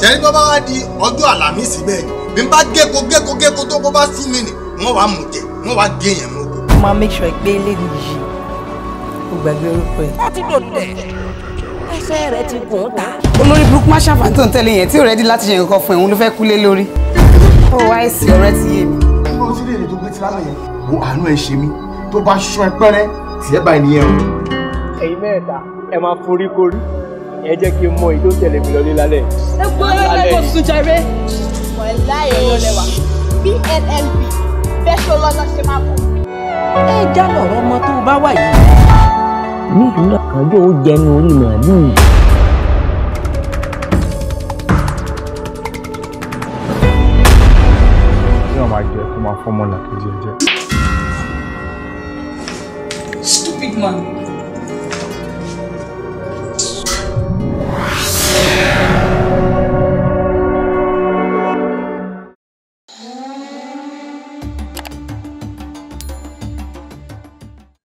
sẹ́ni tó bá wá di ọjọ́ àlàmísì bẹ́ẹ̀ ni bí n bá géko géko géko tó kó bá sú mi nì wọ́n wàá mú jẹ wọ́n wàá gé yẹn mú. ó máa make sure pé eléyìí yìí ó gbàgbé orúkọ ẹ. láti dòdò ẹsẹ̀ rẹ̀ ti gùn ún ta. olórí burúkú má ṣàfàní tó ń tẹ̀lé yẹn tí ò rẹ́dí láti ṣe nǹkan fún ẹ̀ òun ló fẹ́ kú lórí. ó wá èsì ọ̀rẹ́ ti yé mi. mo ti rí èrè tó gbé ti lálẹ́ yẹn wo àánú ẹ ṣe mí tó bá ṣọ ẹ jẹ́ kí n mọ èyí tó tẹ̀lé mi lọlé lálẹ́. ẹ gbọ́ lálẹ́ kò sùn jàre. wàhálà ẹ̀rọ lẹ́wà bnlb bẹ́ṣọ lọ́nà ṣe máa bọ̀. ẹ já lọ̀rọ̀ ọmọ tó bá wà yìí. ní ìlú ó jẹnu orí màálùú. stupid man.